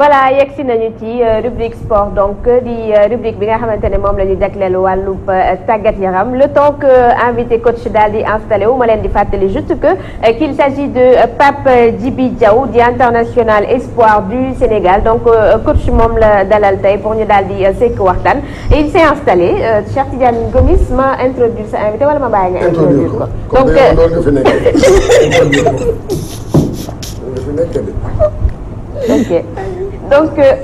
voilà yegg si nañu ci euh, rubrique sport donc euh, di euh, rubrique bi nga xamante ne moom la ñu jagleel wàllub tàggat yaram le temps que invité coach daal di installé wu ma leen di fàttali juste que qu'il s'agit de Pape Djibi Diaw di international espoir du Sénégal donc coach moom la dalal tey pour ñu daal di sekk waxtaan il s'est installé Cheikh Tidiane Gomis ma introduire sa invité wala ma bàyyi nga introduire ko donc ok donc euh,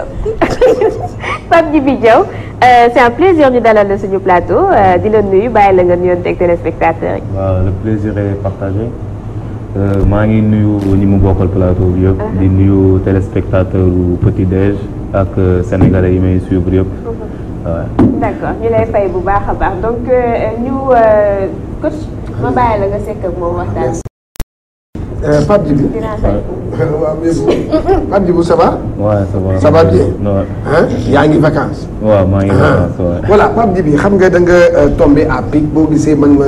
Pape Djibi Diaw euh, c'est un plaisir ñu dalal la suñu plateau euh, di la nuyu bàyyi la nga nuyoon teg téléspectateurs yi. waaw le plaisir est partagé maa ngi nuyu ñi mu bokkal plateau bi yëpp. Ah. di nuyu téléspectateur Petit Déj ak sénégalais yi may suivre yëpp. waaw ah d'accord ñu lay fay bu baax a baax donc ñu coach ma bàyyi la nga sekk ak moom waxtaan. Euh, Pape Djibi. waaw Pape Djibi ça yaa ngi vacances. waaw maa ngi ah. xam nga danga nga euh, tombé à pic boo gisee man ma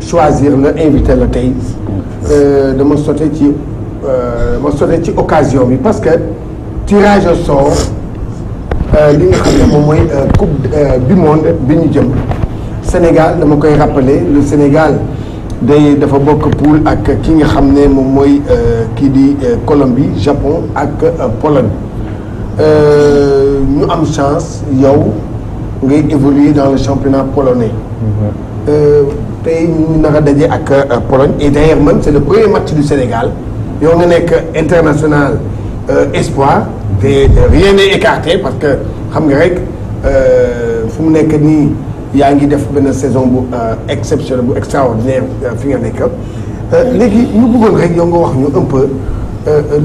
choisir la invité la tey mm. euh, dama sote ci dama sote ci occasion bi parce que tirage au sort li nga xam ne mooy coupe du monde bi ñu jëm Sénégal dama koy rappeler le Sénégal. day dafa bokk poule ak ki nga xam ne moom mooy euh, kii di euh, Colombie Japon ak euh, Pologne ñu am chance yow ngay évoluer dans le championnat polonais. Mm-hmm. tey ñu naka daje ak Pologne et d'ailleurs man c'est le premier match du Sénégal yow nga nekk international espoir te rien n'est écarté parce que xam nga rek fu mu nekk nii. yaa ngi def benn saison bu euh, exceptionnelle bu extraordinaire euh, fi nga nekk euh, léegi ñu bëggoon rek yow nga wax ñu un peu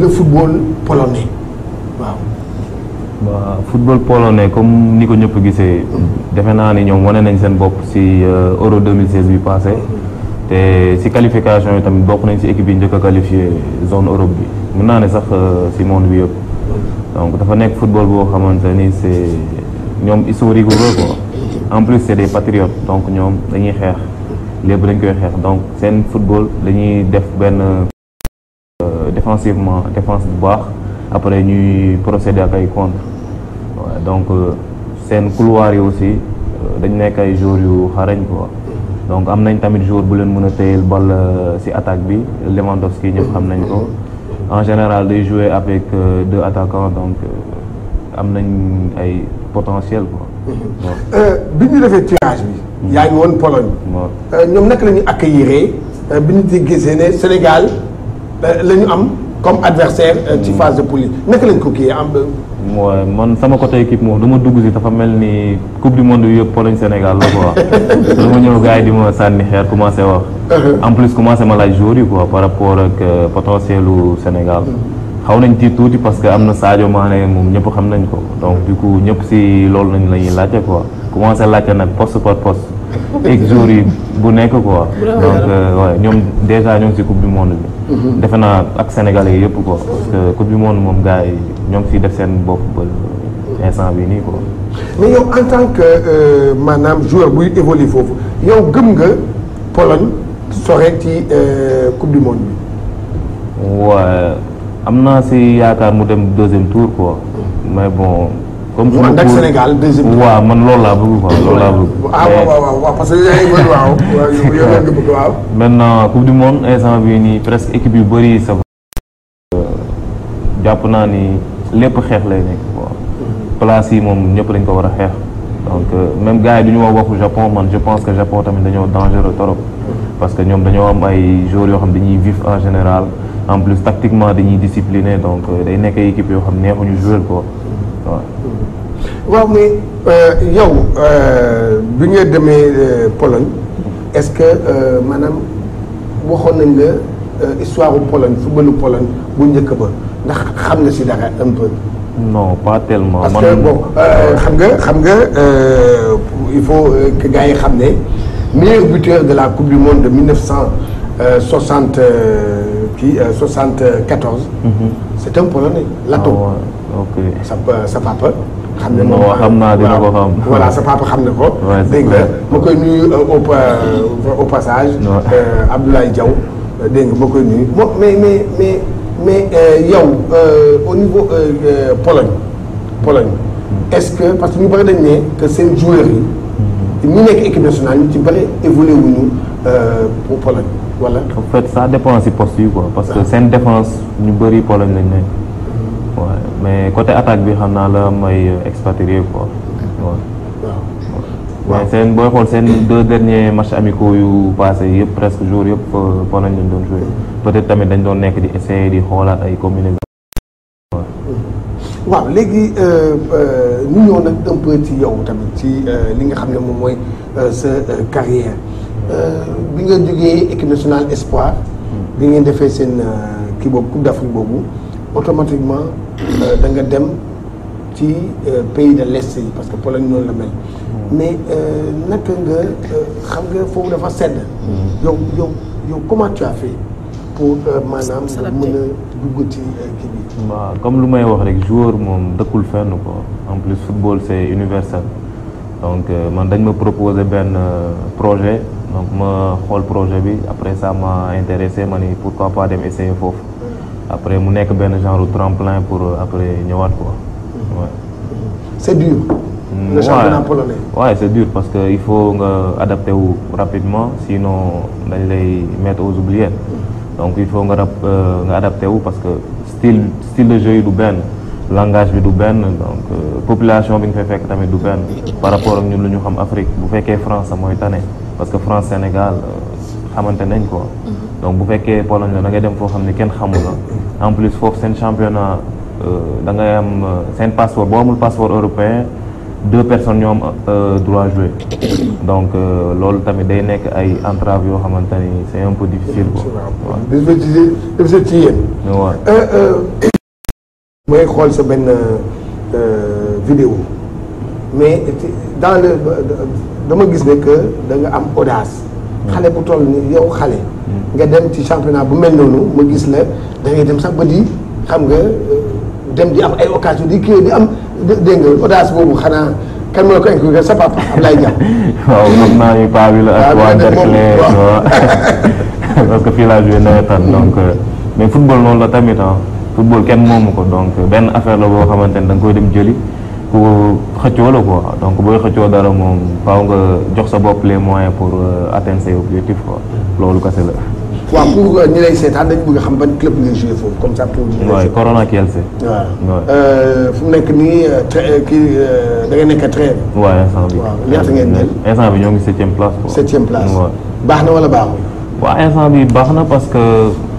le football polonais football polonais comme ni ko ñëpp gisee defe naa ni ñoom wane nañ seen bopp si Euro 2016 bi passé te si qualification yi tamit bokk nañ si équipe yi njëkk a zone Europe bi mën naa ne sax si monde bi yëpp donc dafa nekk football boo xamante ni c'est ñoom historique wu quoi. en plus c'est des donc ñoom dañuy xeex lépp dañ koy xeex donc seen football dañuy def benn euh, défensivement défense bu baax après ñuy procéder ak ay contre donc euh, seen couloir yi aussi euh, dañ nekk ay joueurs yu xarañ quoi donc am nañ tamit joueur bu leen mën a téyel bal ci attaque bi Lewandowski ñëpp xam nañ ko en général day jouer avec deux attaquants donc am nañ ay potentiel quoi. Mhm. Euh, bi ñu defee tirage bi. Mhm. yaa ngi woon Pologne. Euh, ñoom naka la ñu euh, bi ñu di gisee ne Sénégal la am comme adversaire ci mhm. phase de poule yi naka lañ ko kii am. waaw man sama côté équipe moom du ma dugg si dafa mel ni coupe du monde yëpp Pologne Sénégal la quoi dama ñëw gars yi di ma sànni xeer commencé wax. Uh-huh. en plus commencé ma laaj jour ko quoi par rapport ak potentiel Sénégal. xaw nañ ci tuuti parce que am na Sadio Mané moom ñëpp xam nañ ko donc du coup ñëpp si loolu nañ la ñuy laajte quoi commencé laajte nag poste par poste ex jours yi bu nekk quoi. donc waaye euh, ñoom déjà ñoo ngi si coupe du monde bi. Mhm. defe naa ak Sénégalais yi yëpp quoi parce que coupe du monde moom gars yi ñoo ngi siy def seen bopp ba instant bi nii quoi. mais yow en tant que euh, maanaam joueur buy évoluer foofu yow gëm nga Pologne sore ci euh, coupe du monde bi. waaw. am naa si yaakaar mu dem deuxième tour ko mais bon. comme mu ànd Sénégal deuxième tour waaw man loolu laa bëgg quoi maintenant coupe du monde instant bi nii presque équipe yu bëri ça jàpp naa ni lépp xeex lay nekk quoi. Mm-hmm. place yi moom ñëpp dañ ko war a xeex. donc euh, même gars yi du ñu wax waxu Japon man je pense que Japon tamit dañoo dangereux trop. Mm-hmm. parce que ñoom dañoo am ay joueurs yoo xam dañuy vif en général. en plus tactiquement dañuy discipliné donc euh, day nekk ay équipe yoo xam neexuñu joueur ko waaw. waaw mais euh, yow euh, bi nga demee Pologne est-ce que maanaam waxoon nañ la histoire bu Pologne footballu Pologne bu njëkk ba ndax xam nga si dara un peu. non pas tellement. parce que bon xam nga xam nga il faut que gars yi xam ne meilleur buteur de la coupe du monde de mille neuf kii 74. Euh, mhm. c'est un polonais Lato. Ah ok euh, sa papa. xam ne moom xam naa sa papa xam ne ko. dégg ma koy nuyu euh, au passage. Abdoulaye Diaw dégg ma koy nuyu. moom mais mais mais mais au niveau Pologne Pologne mm. est-ce que parce que ñu bëri dañ ne que seen joueurs yi. Mm. ñi nekk équipe nationale ñu ci bëri évolué wuñu pour Pologne. wala. en ça dépend si poste yi parce que ah. seen défense ñu bëri problème lañ nekk. waaw mais côté attaque bi xam naa la may expatrié quoi. Ah. waaw mais seen booy xool seen deux derniers matchs amicaux yu passé yëpp presque jour yëpp Pologne lañ doon joué peut-être tamit dañ doon nekk di essayer di xoolaat ay combinaisons. waaw léegi euh, euh, ci yow tamit ci euh, li nga xam ne moom mooy Euh, bi nga jógee équipe nationale espoir. bi ngeen defee seen euh, kii boobu coupe d'Afrique boobu automatiquement euh, da nga dem ci pays de l'Est yi parce que Pologne noonu la mel. mais naka nga xam nga foofu dafa sedd. yow yow yow comment tu pour maanaam nga mën a dugg ci kii bi. waaw comme lu may wax rek joueur moom dëkkul fenn ko en plus football c'est universel donc man dañ ma proposer benn projet. donc ma xool projet bi après ça m'a intéressé ma ni pourquoi pas dem essayer foofu après mu nekk benn genre tremplin pour euh, après ñëwaat ko ouais. c'est dur. Mm, le championnat c'est dur parce que il faut nga adapté wu rapidement sinon dañ lay mettre aux oubliettes donc il faut nga rap euh, nga adapté wu parce que style style de jeu yi du benn. langage bi du benn donc euh, population bi nga fay fekk tamit du benn par rapport ak ñun lu ñu xam Afrique bu fekkee France mooy tane parce que France Sénégal euh, xamante nañ quoi. Mhm. donc bu fekkee Pologne la da ngay dem foo xam ne kenn xamu la en plus foofu seen championnat euh, da ngay am seen passeport boo amul passeport européen deux personnes ñoo am droit donc loolu tamit day nekk ay entrave yoo xamante ni c'est un peu difficile quoi. waaw mooy xool sa benn euh, euh, vidéo mais dans le dama gis ne que da am audace. xale bu toll ni yow xale. nga dem ci championnat bu mel noonu ma gis la da ngay dem sax ba di xam nga euh, dem di am ay occasion di kii di am dégg nga audace boobu xanaa kan moo ko inculqué sa papa Ablaye Dia. waaw mën naa ñu paa bi la ak waa Derklé parce que fii laa joué mais football noonu la tamit ah. football kenn moomu ko donc benn affaire la boo xamante ne da nga koy dem jëli ku xëccoo la quoi donc booy xëccoo dara moom faaw nga jox sa bopp les moyen pour euh, atteindre ses objectifs quoi loolu kese la. waaw pour ñi lay seetaan xam ban club ngay joué foofu comme ça pour. waaw Corona Kielce. Euh, fu mu nekk nii euh, très kii da ngay nekk très. waaw instant bi waaw ñaata ngeen bi ñoo ngi septième place quoi. septième place baax na wala baaxul. waa instant bi baax na parce que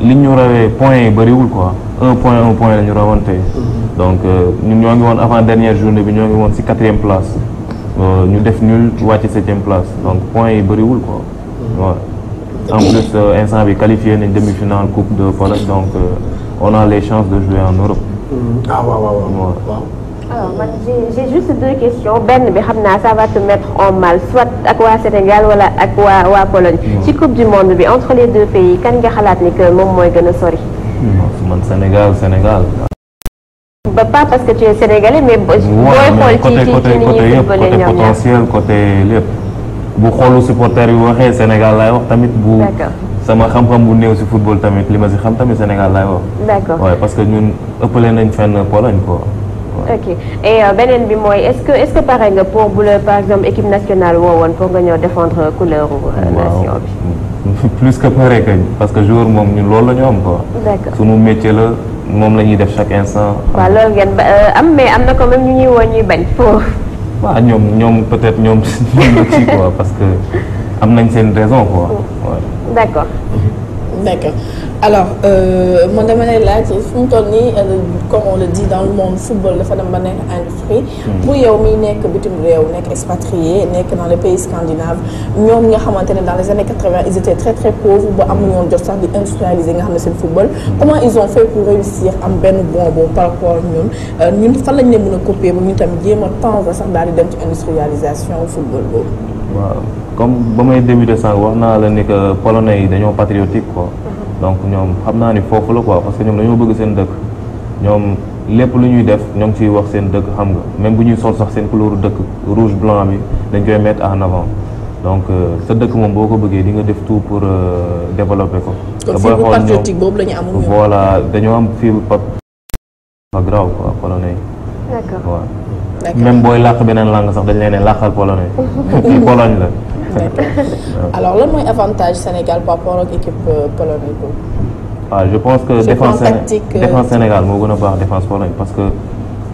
li ñu rawee points yi bëriwul quoi un point un point la ñu rawante mhm. donc euh, ñun ñoo ngi woon avant dernière journée bi ñoo ngi woon ci quatrième place euh, ñu def nul wàcc septième place donc points yi bëriwul quoi waaw mhm. en plus euh, instant bi qualifié nañ demi-finale coupe de Pologne donc on a les chances de jouer en Europe mhm. ah waaw waaw waaw alors man j'ai juste deux questions benn bi xam naa ça va te mettre en mal soit ak waa Sénégal wala ak waa waa Pologne. Hmm. ci coupe du monde entre les deux pays kan nga que moom mooy gën a sori. Hmm, man Sénégal Sénégal. ba pas tu es sénégalais mais. booy xool ci ci ci ni ñuy footballé ñoom bu néew si football tamit li ma si xam tamit Sénégal laay wax. d'accord waaye parce que ñun ëppale nañ fenn Pologne ok et euh, beneen bi mooy est-ce que est-ce que pare nga pour bu la par exemple équipe nationale woowoon pour nga ñëw défendre couleur euh, nation bi. plus que pare kañ parce que jour moom ñun loolu la ñu am quoi. d'accord sunu métier la moom la ñuy def chaque instant. waaw loolu ngeen euh, am mais am na ko même ñu ñuy woo ñuy bañ pour. waa ñoom ñoom peut-être ñoom ñoom la ci parce que am nañ seen raison quoi. Mm. d'accord. d' accord alors man dama lay laaj fu mu toll nii euh, comme on le dit dans le monde football dafa dem ba nekk industrie. Hmm. pour yow miy nekk bitim réew nekk expatrié nekk dans les pays scandinaves ñoom nga xamante ne dans les années quatre vingt ils étaient très très pauvres ba amuñu woon jot sax di industrialiser nga xam ne seen football. Hmm. comment ils ont fait pour réussir am benn bon boobu par rapport ñun euh, ñun fan lañ leen mën a copier ba ñu tamit jéem a tendre sax daal di dem ci industrialisation waaw comme ba may débuté sànq wax naa la ni que polonais yi dañoo patriotique ko mm-hmm. donc ñoom xam naa ni foofu la ko parce que ñoom dañoo bëgg seen dëkk ñoom lépp lu ñuy def ñoo ngi ciy wax seen dëkk xam nga même bu ñuy sol sax seen couleur dëkk rouge blanc bi dañ koy mettre en avant donc euh, sa dëkk moom boo ko bëggee di nga def tout pour euh, développer ko. te booy xool patriotique boobu la ñu am. voilà dañoo am fi pap. fa graw quoi polonais yi. d'accord même booy làkk beneen langue sax dañ leen ne làkkal polonais kii la. alors lan mooy avantage Sénégal par rapport équipe euh, polonaise boobu. Ah, je pense que défense Sénégal moo gën a baax défense Pologne parce que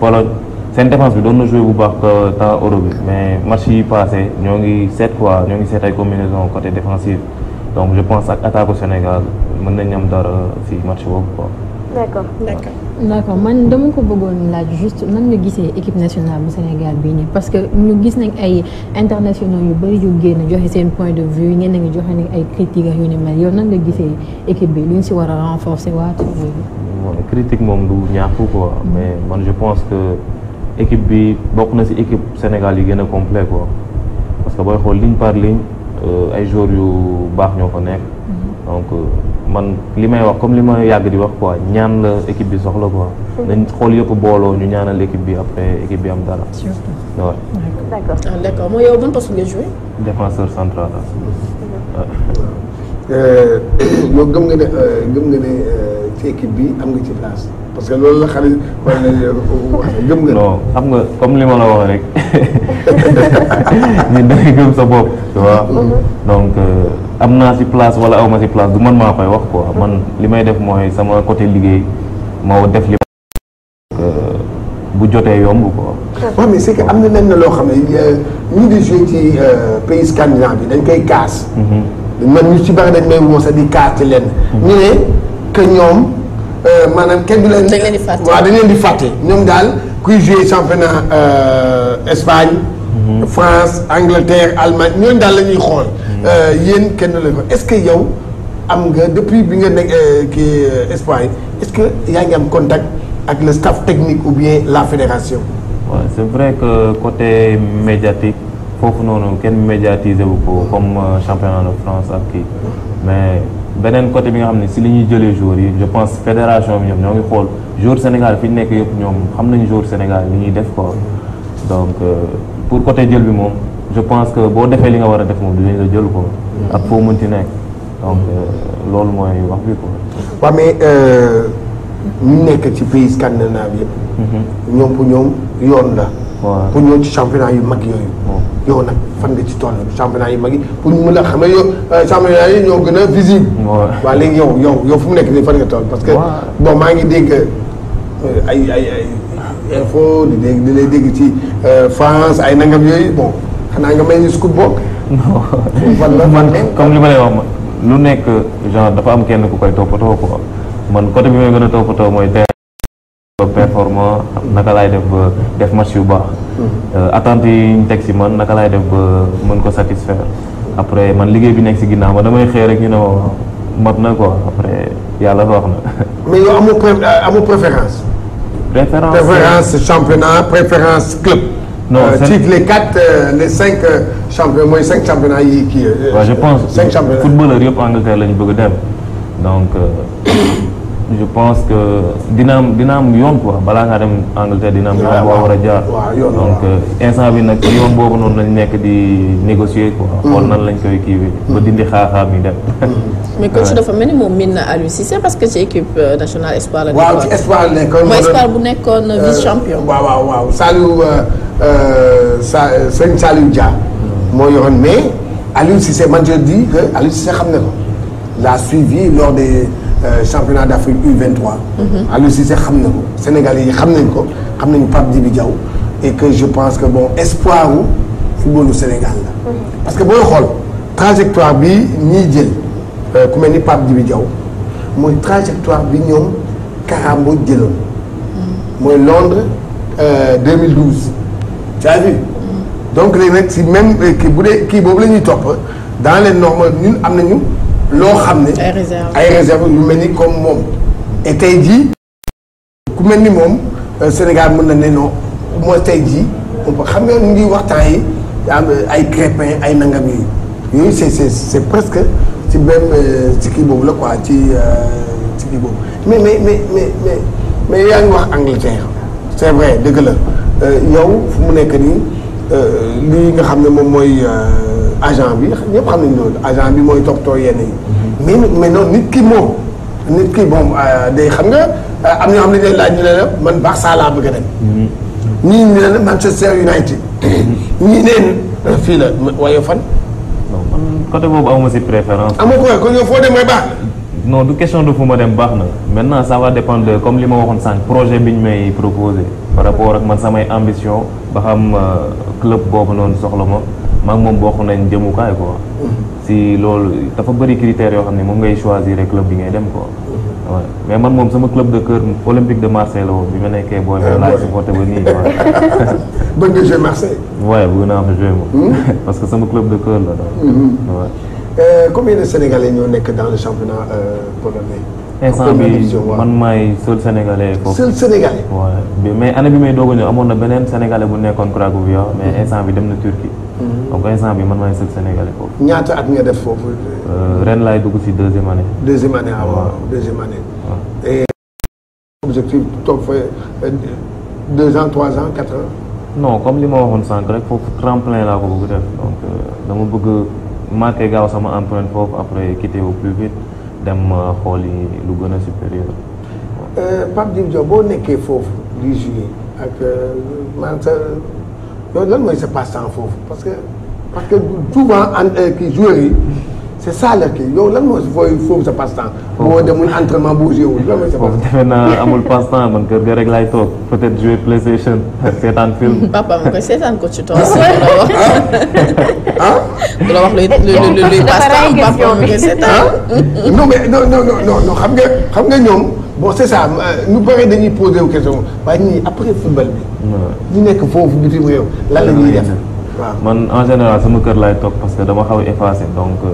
Pologne sen défense bi doon na joué bu baax temps euro bi mais match yi passé ñoo ngi set quoi ñoo ngi seet ay combinaison côté défensive donc je pense ak attaque au Sénégal mën nañu am dara si match boobu quoi. d'accord d'accord d'accord man dama ko bëggoon laaj juste nan nga gisee équipe nationale bu Sénégal bii nii parce que ñu gis nañ ay internationaux yu bëri yu génn joxe seen point de vue ñenn ngi joxe nañ ay critiques ak yu ni mel yow nan nga gisee équipe bi lu ñu si war a renforcer waat. bon critique moom du ñaaku ko mais man je pense que équipe bi bokk na si équipe Sénégal yi gën a complet ko parce que booy xool ligne par ligne euh, ay joueurs yu baax ñoo ko nekk. donc man li may wax comme li may yàgg di wax quoi ñaan la équipe bi soxla quoi. Hmm. nañ xool yëpp booloo ñu ñaanal équipe bi après équipe bi am dara. surtout waaw. d' accord ah d' accord mooy yow ban poste hmm. euh, gëm nga ne euh, gëm nga ne euh, ci équipe bi am nga ci place. parce que loolu la xale yi xam nga comme li ma la wax rek ñun da ngay sa bopp. Mm-hmm. donc euh, am naa si place wala aw ma si place du man maa koy wax quoi man li may def mooy sama côté liggéey moo def li. Euh, jotee yomb quoi. na loo xam ne ñu di joué ci euh, pays scandinave bi dañ koy kaas. Mm-hmm. man ñu ci bari dañ may woo di kaas ci lenn. Mm-hmm. ñu ne que ñoom. Euh, maanaam kenn du leen. dañ leen di fàtte waaw dañ leen di fàtte ñoom daal kuy jouer championnat euh, Espagne. Mhm. France Angleterre Allemagne ñooñu daal la xool. Mhm. Euh, yéen kenn du leen ko est-ce que yow am nga depuis bi nga nekk kii Espagne est-ce que yaa ngi am contact ak le staff technique ou bien la fédération. waaw c'est vrai que côté médiatique. foofu noonu kenn médiatiser wu ko comme euh, championnat de France ak kii mais beneen côté bi nga xam ne si li ñuy jëlee joueurs yi je pense fédération bi ñoom ñoo ngi xool joueur Sénégal fi ñu nekk yëpp ñoom xam nañu joueur Sénégal li ñuy def quoi donc euh, pour côté jël bi moom je pense que boo defee li nga war a def moom dinañ la jëlu ko ak foo mënti nekk donc euh, loolu mooy wax bi quoi. waaw mais ñu nekk ci pays scandinave yëpp. Mhm. ñoom pour ñoom yoon la. pour ñëw ci championnat yu mag yoo yow nag fan nga ci toll championnat yu mag yi pour ñu mën a xam ne yow euh, championnat yi ñoo gën a visible. waaw waaw yow yow yow fu mu nekk nii fan nga toll. parce que bon maa ngi dégg euh, ay ay dégg ci euh, fans ay nangam yooyu bon xanaa nga may ñu scoop bokk. li ma lay wax ma lu nekk genre dafa am kenn ku koy toppatoo performant naka laay def def match yu baax. Euh, attentes yi ñu teg si man naka laay def ba mën ko satisfaire après man liggéey bi nekk si ginnaaw ma damay xëy rek ñu ne mat na ko après yàlla wax na. mais yow amoo amoo préférence. préférence préférence championnat préférence club. non euh, ci les quatre euh, les cinq championnats mooy cinq championnats yi kii. waaw je pense footballeur yëpp Angleterre la ñu bëgg dem donc. je pense que dina am dina am yoon quoi balaa ngaa dem Angleterre dina am yoon euh, bi nag yoon boobu noonu lañ nekk di négocier quoi mm. xool nan lañ koy kii ba mm. dindi xaaxaar mi dem mm. mais coach dafa mel ni moom miin na Aliou Cissé parce que ci équipe euh, nationale espoir la waaw ci espoir la nekkoon euh, champion waaw waaw waaw Saliou sa moo yoroon mais Aliou Cissé man je dis que Aliou Cissé xam ne l'a suivi lors des Euh, championnat d' Afrique U23. si se xam na ko Sénégal yi xam nañ ko xam nañ Pape Djibi jaw et que je pense que bon espoir wu footballu Sénégal la. Mhm. parce que booy xool trajectoire bi ñiy jël euh, ku mel ni Pape Djibi Diaw mooy trajectoire bi ñoom Karambo jëloon. Mhm. mooy Londres 2012. Euh, tu as vu mhm. donc léegi nag si même kii bu dee kii boobu la ñuy topp dans les normes ñun am nañu. loo xam ne. ay réserve yu mel ni comme moom. et tey jii ku mel ni moom euh, Sénégal mën na ne non au moins tey jii xam nga mu ngi waxtaan yi am ay Crépin ay nangam yooyu yooyu c'est c'est c'est presque ci même euh, ci kii boobu la quoi ci euh, ci kii boobu mais mais mais mais mais yaa ngi wax Angleterre c'est vrai dëgg la yow fu mu nekk nii lii nga xam ne moom mooy. agent bi ñëpp xam nañ loolu agent bi mooy toppatoo yenn yi. mais mais non nit ki moom nit ki moom euh, day xam nga euh, am na am xam ne day laaj ñu ne la man bëgg a dem. Mm-hmm. ñii ne la Manchester United. Mm-hmm. ñii neen euh, fii la waaye fan. non man côté boobu amu si préférence. amoo ko kon yow foo dem mooy baax na. non du question de fu ma dem baax na maintenant ça va dépendre de comme li ma waxoon sànq projet bi ñu may proposé par rapport ak man samay ambition ba xam club boobu noonu soxla ma. maa ngi moom bokk nañ jëmukaay quoi. Mm-hmm. si loolu dafa bëri critères yoo xam ne moom ngay choisir club bi ngay dem ko waaw mm-hmm. mais man moom sama club de cœur olympique de Marseille la woon bi ma nekkee booy. Euh, laay supporté ba nii waaw. bëgg hmm? parce que sama de cœur la daal. waaw. Hmm. Euh, combien de ñoo nekk dans le championnat euh, bi man maay seul sénégalais foofu. seul sénégalais. waaw mais année bi may doog a ñëw amoon na beneen sénégalais bu nekkoon Cracovia mais hmm. instant bi dem na Turquie. donc instant bi man maay sëb sénégalais foofu. ñaata at nga def foofu. Euh, ren laay dugg si deuxième année. deuxième année ah waaw deuxième année. waaw et objectif toog fa euh, deux ans trois ans quatre ans. non comme li ma waxoon sànq rek foofu tremplin laa ko bëgg def donc euh, dama bëgg marqué gaaw sama empreinte foofu après quitter au plus vite dem xool yi lu gën a supérieur. Pape Diouf Diop boo nekkee foofu di juillet ak man loolu lan mooy sa passe-temps foofu parce que parce que souvent en euh, kii joueurs yi c' est ça la kii yow lan mooy fooy foofu sa passe-temps. boo demul entraînement boo joué wul lan mooy sa passe-temps foofu defe naa amul passe-temps man kër ga rek laay toog peut-être jouer PlayStation seetaan film. papa ma koy seetaan ko ci tool ah, ah, ah. si du la wax. luy luy non non non non non xam nga xam nga ñoom. boo c' est ça ñu bëri dañuy posé wu question waaye ñii après football bi. nekk foofu bitim réew lan la ñuy def waaw man en général sama kër laay toog parce que dama xaw a effacé donc euh,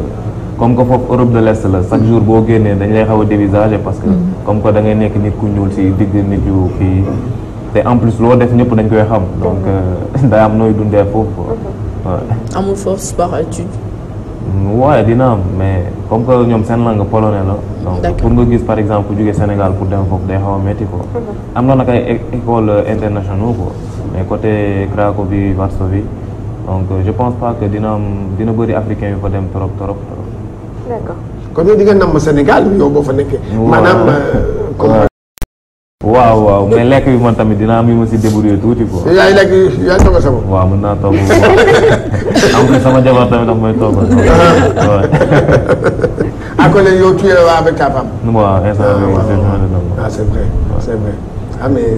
comme que foofu Europe de l'Est la chaque mm. jour boo génnee dañ lay xaw a dévisager parce que mm. comme que dangay nekk nit ku ñuul si digg nit yu kii mm. te en plus loo def ñëpp dañ koy xam donc euh, day am nooy dundee foofu quoi. Mm-hmm. amul foofu sport étude. waaye dina am mais comme que ñoom seen langue polonais la. donc pour nga gis par exemple ku jógee Sénégal pour dem foofu day xaw a métti ko. Mhm. am na nag ay école euh, internationaux ko mais côté Cracovie Varsovie donc euh, je pense pas que dina am dina bëri africain yu fa dem trop trop trop. d'accord kon yow di nga namm Sénégal boo fa nekkee. maanaam. Euh, waaw waaw mais lekk bi man tamit dinaa am yu ma si débrouillé tuuti quoi. yaay lekk yaay togg sa bopp. waaw mën naa togg am na sama jabar tamit daf may togg. waaw. ah kon yow tu es là avec ta femme. waaw ah, ah, c'est vrai c'est vrai ah mais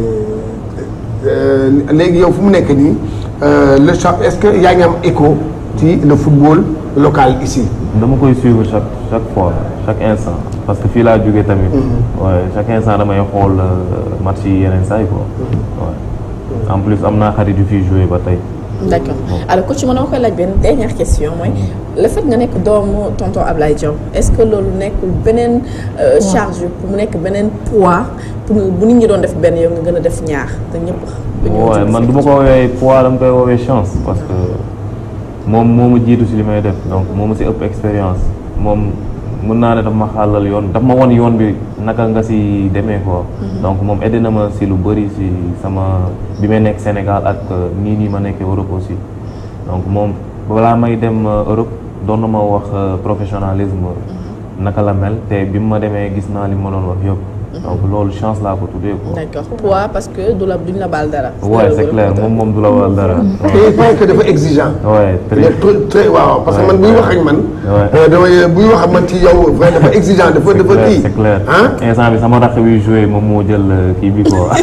euh, léegi yow fu mu nekk nii euh, le champ est-ce que yaa ngi écho ci le football local ici. dama koy suivre chaque chaque fois chaque instant parce que fii laa jóge tamit. waaye mm-hmm. chaque instant damay xool euh, match yi yeneen saa yi quoi. waaw mm-hmm. mm-hmm. en plus am naa xarit yu fiy joué ba tey. d'accord alors coach man dama koy laaj benn dernière question mooy nga nekk doomu tonton Ablaye Diaw est-ce que loolu nekkul beneen euh, charge pour mu nekk beneen poids pour bu nit ñi doon def benn yow nga gën a def ñaax te ñëpp. dañoo man du ma ko woowee dama koy woowee chance parce que. moom moo ma jiitu si li may def donc moom ma si ëpp expérience moom mun naa ne daf ma xàllal yoon daf ma won yoon bi naka nga si demee ko mhm. donc moom aidé ma si lu bëri si sama bi may nekk Sénégal ak euh, nii nii ma nekkee Europe aussi donc moom balaa may dem euh, Europe doon na ma wax euh, professionnalisme mhm. naka la mel te bi ma demee gis naa li ma doon wax yëpp Mhm. donc loolu chance laa ko tuddee quoi. d'accord parce que du la duñ la baal dara. waaw c'est clair moom moom du la baal dara. Mhm. te point que dafa exigeant. waaw parce que man buy wax euh, euh, wax ak man ci yow vrai dafa exigeant dafa dafa kii. c'est clair instant bi sama rakk bi joué moom moo jël euh, kii bi quoi.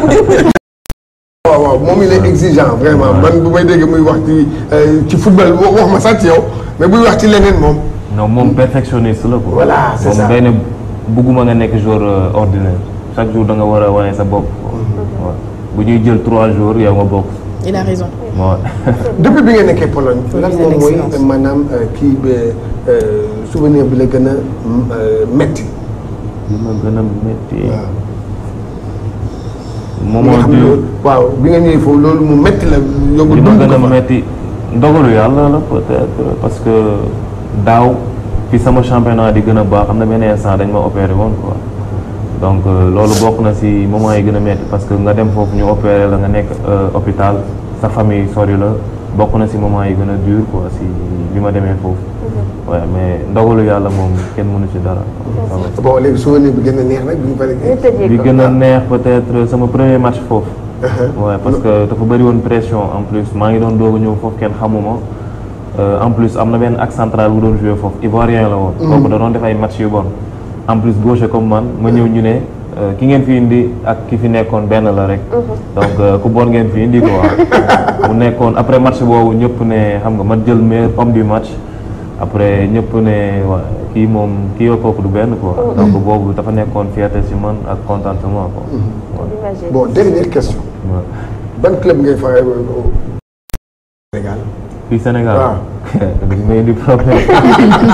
waaw waaw moom il est exigeant vraiment man bu may wax ci ci football wax ma sax ci yow mais buy wax ci leneen moom. non moom perfectionniste la quoi. voilà c'est ça bugguma nga nekk jour euh, ordinaire chaque jour da nga war a wane sa bopp. Mhm. bu ñuy jël trois jours yow nga bokk. il a raison. waaw. depuis bi nga nekkee Pologne. lan euh, kii bi euh, souvenir bi la gën a metti. bi ma gën a metti. moment bi waaw bi nga ñëwee foofu loolu mu metti la. yóbbu dund ko li yàlla la peut parce que daaw. fi sama championnat di gën a baax xam na benn instant dañ ma opéré woon quoi donc euh, loolu bokk na si moment yi gën a métti parce que nga dem foofu ñu opéré la nga nekk euh, hôpital sa famille sori la bokk na si moment yi gën a dur quoi si bi ma demee foofu. waaye mhm. mais ndogalu yàlla moom kenn mënu ci dara. bi gën a neex nag bi ñu gën a neex peut-être euh, sama premier match foofu. waaye uh-huh. parce que dafa bëri woon pression en plus maa ngi doon doog ñëw foofu kenn xamuma. Euh, en plus am na benn ak central bu doon joué foofu Ivoirien la woon. Mhm. kooku da defay def ay match yu bon. en plus gaucher comme man ma ñëw ñu ne euh, ki ngeen fi indi ak ki fi nekkoon benn la rek. Mhm. donc euh, ku bon ngeen fi indi quoi. mu nekkoon après match boobu ñëpp ne xam nga man jël meilleur homme du match. après ñëpp ne waa kii moom kii yoo kooku du benn quoi. Mhm. donc boobu dafa nekkoon fierté si man ak contentement quoi. bon dernière question. ban club fii Sénégal waaw. dañ may indi problème.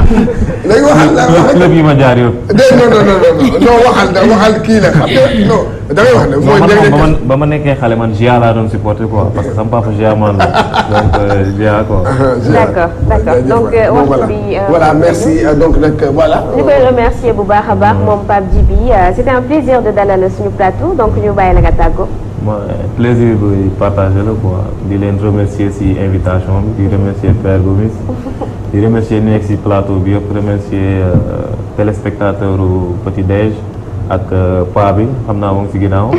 léegi waxal la waxal club yi ma jaar yow. déedéet non non non non waxal da waxal kii la xam nga non. da ngay wax ne mooy man ba ma nekkee xale man GIA laa doon supporter quoi parce que sama papa GIA man la donc euh, GIA quoi. Ah, d'accord d'accord donc waxtu euh, bi. Euh, voilà merci donc nag voilà. ñu koy remercier bu baax a baax mm. moom Pape Djibi c'était un plaisir de dalal suñu plateau donc ñu bàyyi la nga ma plaisir bi partagé la quoi di leen remercier si invitation bi di remercier Père Gomis di remercier nekk si plateau bi yëpp remercier euh, téléspectateur Petit Déj ak euh, pa bi xam naa moom si ginnaaw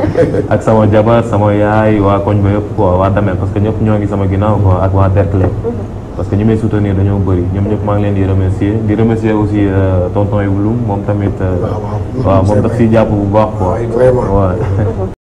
ak sama jabar sama yaay waa koñ ba yëpp quoi waa Damel parce que ñëpp ñoo ngi sama ginnaaw quoi ak waa Derklé parce que ñi may soutenir dañoo bëri ñoom ñëpp maa ngi leen di remercier di remercier aussi euh, tonton Ibou Loum moom tamit waaw moom daf si jàpp bu baax